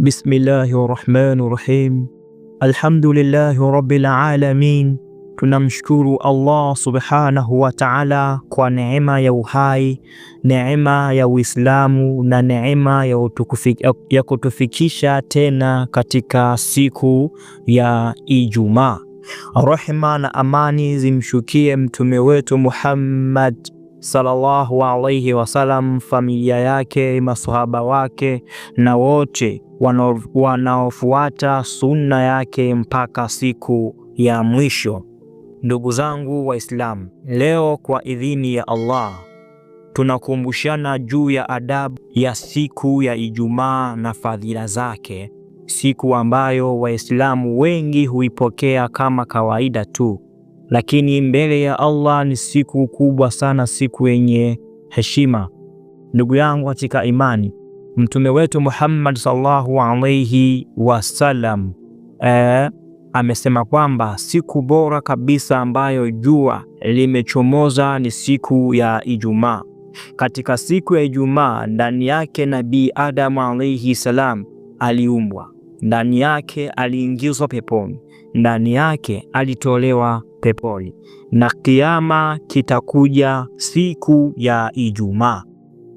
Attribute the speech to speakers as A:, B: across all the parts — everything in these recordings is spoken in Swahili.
A: Bismillahi rahmani rahim, alhamdulillahi rabbil alamin. Tunamshukuru Allah subhanahu wa ta'ala kwa neema ya uhai, neema ya Uislamu na neema ya, ya kutufikisha tena katika siku ya Ijumaa. Rehma na amani zimshukie mtume wetu Muhammad sallallahu alaihi wasallam, familia yake, masohaba wake na wote wanaofuata sunna yake mpaka siku ya mwisho. Ndugu zangu Waislamu, leo kwa idhini ya Allah tunakumbushana juu ya adabu ya siku ya Ijumaa na fadhila zake, siku ambayo Waislamu wengi huipokea kama kawaida tu lakini mbele ya Allah ni siku kubwa sana, siku yenye heshima. Ndugu yangu katika imani, mtume wetu Muhammad sallallahu alayhi wasallam e, amesema kwamba siku bora kabisa ambayo jua limechomoza ni siku ya Ijumaa. Katika siku ya Ijumaa, ndani yake Nabii Adamu alaihi salam aliumbwa, ndani yake aliingizwa peponi, ndani yake alitolewa peponi, na kiama kitakuja siku ya Ijumaa.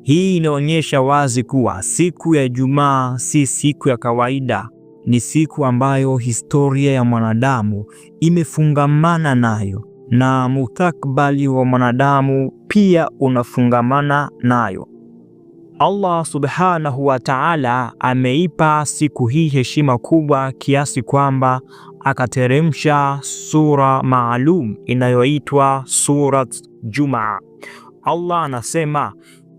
A: Hii inaonyesha wazi kuwa siku ya Ijumaa si siku ya kawaida, ni siku ambayo historia ya mwanadamu imefungamana nayo na mustakbali wa mwanadamu pia unafungamana nayo. Allah subhanahu wa ta'ala ameipa siku hii heshima kubwa kiasi kwamba akateremsha sura maalum inayoitwa Surat Jumaa. Allah anasema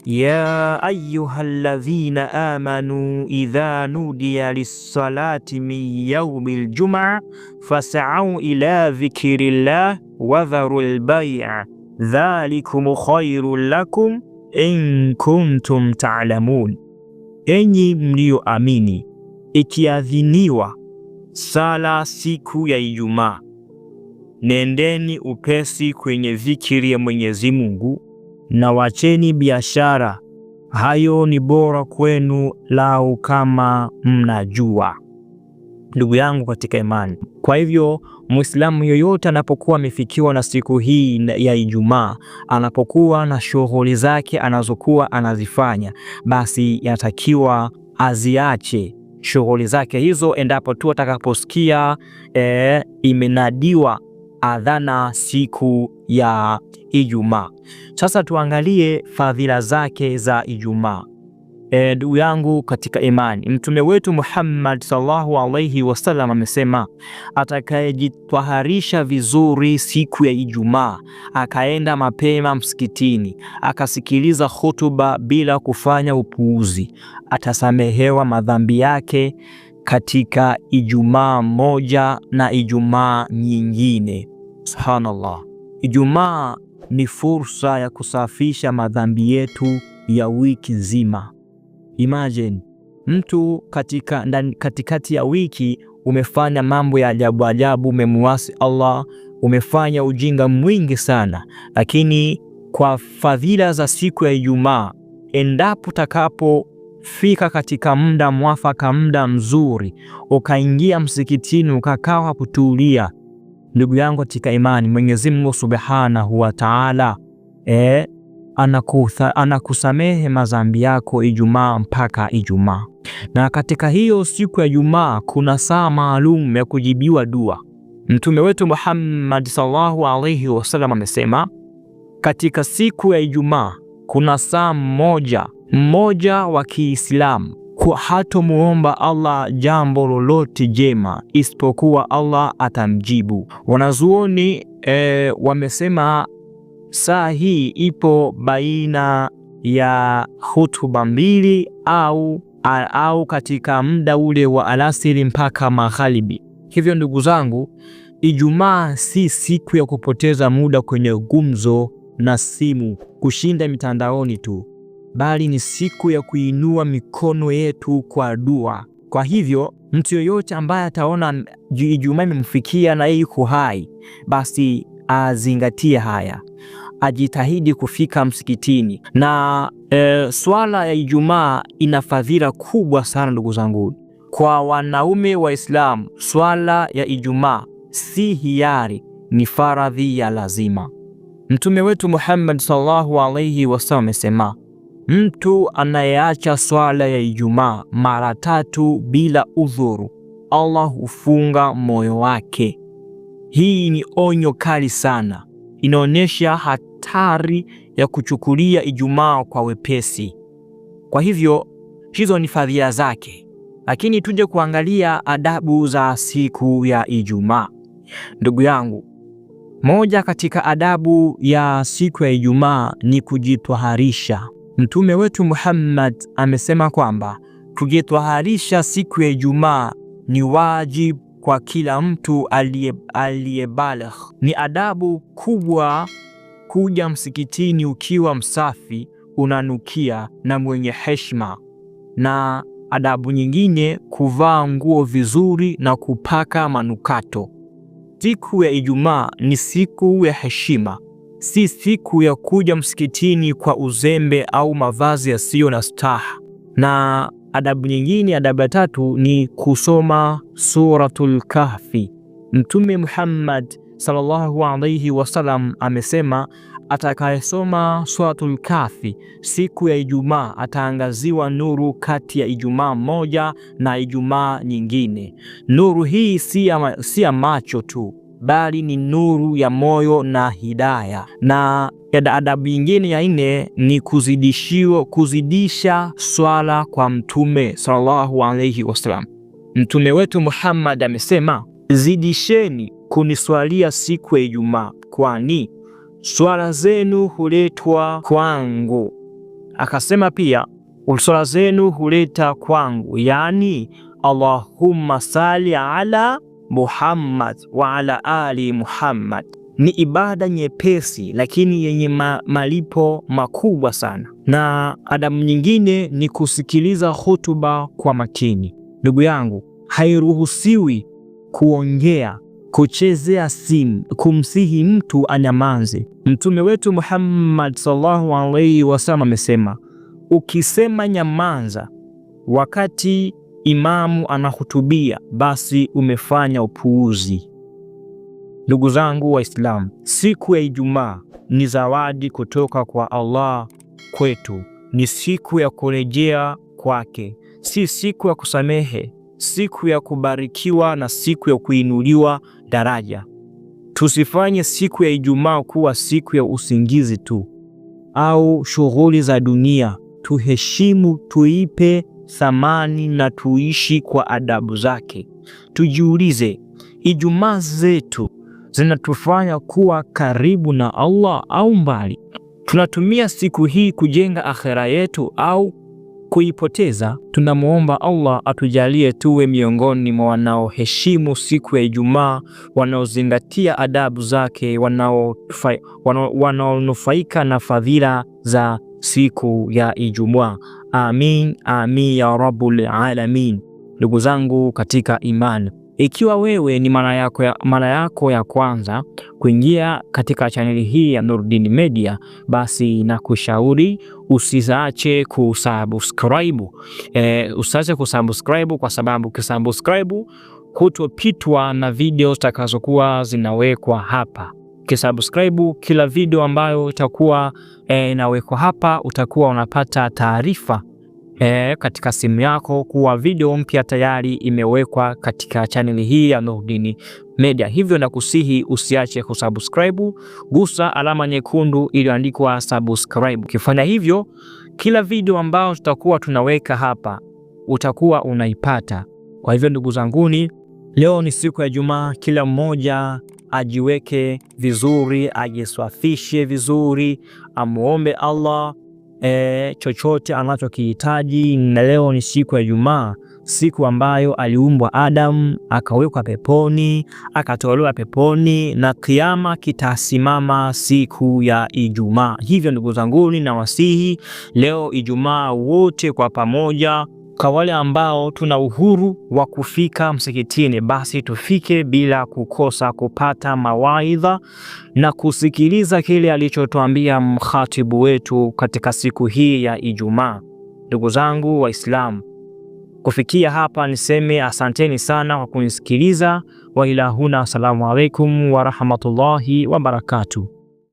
A: ya ayuha alladhina amanu idha nudiya lissalati min yaumi ljumaa fasau ila dhikri llah wadharu lbaia dhalikum khairu lakum in kuntum talamun, enyi mliyoamini, ikiadhiniwa sala siku ya Ijumaa. Nendeni upesi kwenye dhikiri ya Mwenyezi Mungu na wacheni biashara, hayo ni bora kwenu lau kama mnajua. Ndugu yangu katika imani, kwa hivyo Muislamu yoyote anapokuwa amefikiwa na siku hii ya Ijumaa, anapokuwa na shughuli zake anazokuwa anazifanya, basi yatakiwa aziache shughuli zake hizo endapo tu atakaposikia e, imenadiwa adhana siku ya Ijumaa. Sasa tuangalie fadhila zake za Ijumaa. E, ndugu yangu katika imani, mtume wetu Muhammad sallallahu alaihi wasallam amesema, atakayejitwaharisha vizuri siku ya Ijumaa akaenda mapema msikitini akasikiliza hutuba bila kufanya upuuzi, atasamehewa madhambi yake katika Ijumaa moja na Ijumaa nyingine. Subhanallah, Ijumaa ni fursa ya kusafisha madhambi yetu ya wiki nzima. Imagine mtu katika ndani, katikati ya wiki umefanya mambo ya ajabu ajabu, umemwasi Allah, umefanya ujinga mwingi sana, lakini kwa fadhila za siku ya Ijumaa, endapo utakapofika katika muda mwafaka, muda mzuri, ukaingia msikitini, ukakaa hapo kutulia, ndugu yangu katika imani, Mwenyezi Mungu Subhanahu wa Ta'ala eh anakutha, anakusamehe madhambi yako Ijumaa mpaka Ijumaa. Na katika hiyo siku ya Ijumaa kuna saa maalum ya kujibiwa dua. Mtume wetu Muhammad sallallahu alaihi wasallam amesema katika siku ya Ijumaa kuna saa mmoja mmoja wa Kiislamu kwa hatomuomba Allah jambo lolote jema isipokuwa Allah atamjibu. Wanazuoni e, wamesema Saa hii ipo baina ya hutuba mbili au, au katika muda ule wa alasiri mpaka magharibi. Hivyo ndugu zangu, Ijumaa si siku ya kupoteza muda kwenye gumzo na simu kushinda mitandaoni tu, bali ni siku ya kuinua mikono yetu kwa dua. Kwa hivyo mtu yoyote ambaye ataona Ijumaa imemfikia na yeye yuko hai, basi azingatie haya ajitahidi kufika msikitini na e, swala ya Ijumaa ina fadhila kubwa sana ndugu zangu. Kwa wanaume Waislamu, swala ya Ijumaa si hiari, ni faradhi ya lazima. Mtume wetu Muhammad sallallahu alayhi wasallam amesema, mtu anayeacha swala ya Ijumaa mara tatu bila udhuru, Allah hufunga moyo wake. Hii ni onyo kali sana inaonyesha hatari ya kuchukulia Ijumaa kwa wepesi. Kwa hivyo hizo ni fadhila zake, lakini tuje kuangalia adabu za siku ya Ijumaa. Ndugu yangu, moja katika adabu ya siku ya Ijumaa ni kujitwaharisha. Mtume wetu Muhammad amesema kwamba kujitwaharisha siku ya Ijumaa ni wajibu kwa kila mtu aliyebaligh. Ni adabu kubwa kuja msikitini ukiwa msafi, unanukia na mwenye heshima. Na adabu nyingine, kuvaa nguo vizuri na kupaka manukato. Siku ya Ijumaa ni siku ya heshima, si siku ya kuja msikitini kwa uzembe au mavazi yasiyo na staha na Adabu nyingine, adabu ya tatu ni kusoma Suratul Kahfi. Mtume Muhammad sallallahu alayhi wasallam amesema atakayesoma Suratul Kahfi siku ya Ijumaa ataangaziwa nuru kati ya Ijumaa moja na Ijumaa nyingine. Nuru hii si ya macho tu bali ni nuru ya moyo na hidaya. Na adabu nyingine ya nne ni kuzidishiwa, kuzidisha swala kwa Mtume sallallahu alayhi wasallam. Mtume wetu Muhammad amesema, zidisheni kuniswalia siku ya Ijumaa, kwani swala zenu huletwa kwangu. Akasema pia swala zenu huleta kwangu, yani Allahumma sali ala Muhammad wa ala ali Muhammad ni ibada nyepesi lakini yenye ma, malipo makubwa sana. Na adabu nyingine ni kusikiliza hutuba kwa makini. Ndugu yangu, hairuhusiwi kuongea, kuchezea simu, kumsihi mtu anyamanze. Mtume wetu Muhammad sallallahu alaihi wasallam amesema, ukisema nyamanza wakati imamu anahutubia, basi umefanya upuuzi. Ndugu zangu Waislamu, siku ya Ijumaa ni zawadi kutoka kwa Allah kwetu, ni siku ya kurejea kwake, si siku ya kusamehe, siku ya kubarikiwa na siku ya kuinuliwa daraja. Tusifanye siku ya Ijumaa kuwa siku ya usingizi tu au shughuli za dunia. Tuheshimu, tuipe thamani na tuishi kwa adabu zake. Tujiulize, Ijumaa zetu zinatufanya kuwa karibu na Allah au mbali? Tunatumia siku hii kujenga akhera yetu au kuipoteza? Tunamwomba Allah atujalie tuwe miongoni mwa wanaoheshimu siku ya Ijumaa, wanaozingatia adabu zake, wanaonufaika na fadhila za siku ya Ijumaa. Amin, amin ya rabbul alamin. Ndugu zangu katika imani, ikiwa wewe ni mara yako ya, mara yako ya kwanza kuingia katika chaneli hii ya Nurdin Media, basi nakushauri usizaache kusubscribe. E, usiache kusubscribe kwa sababu kusubscribe hutopitwa na video zitakazokuwa zinawekwa hapa. Ukisubscribe kila video ambayo itakuwa e, inawekwa hapa utakuwa unapata taarifa e, katika simu yako kuwa video mpya tayari imewekwa katika chaneli hii ya Nurdin Media. Hivyo nakusihi usiache kusubscribe, gusa alama nyekundu iliyoandikwa subscribe. Ukifanya hivyo, kila video ambayo tutakuwa tunaweka hapa utakuwa unaipata. Kwa hivyo ndugu zanguni, leo ni siku ya Ijumaa, kila mmoja ajiweke vizuri, ajiswafishe vizuri, amwombe Allah e, chochote anachokihitaji. Na leo ni siku ya Ijumaa, siku ambayo aliumbwa Adamu, akawekwa peponi, akatolewa peponi, na kiama kitasimama siku ya Ijumaa. Hivyo ndugu zanguni, na wasihi leo Ijumaa wote kwa pamoja kwa wale ambao tuna uhuru wa kufika msikitini, basi tufike bila kukosa kupata mawaidha na kusikiliza kile alichotuambia mkhatibu wetu katika siku hii ya Ijumaa. Ndugu zangu Waislamu, kufikia hapa niseme asanteni sana kwa kunisikiliza. Wailahuna, assalamu alaikum warahmatullahi wabarakatuh.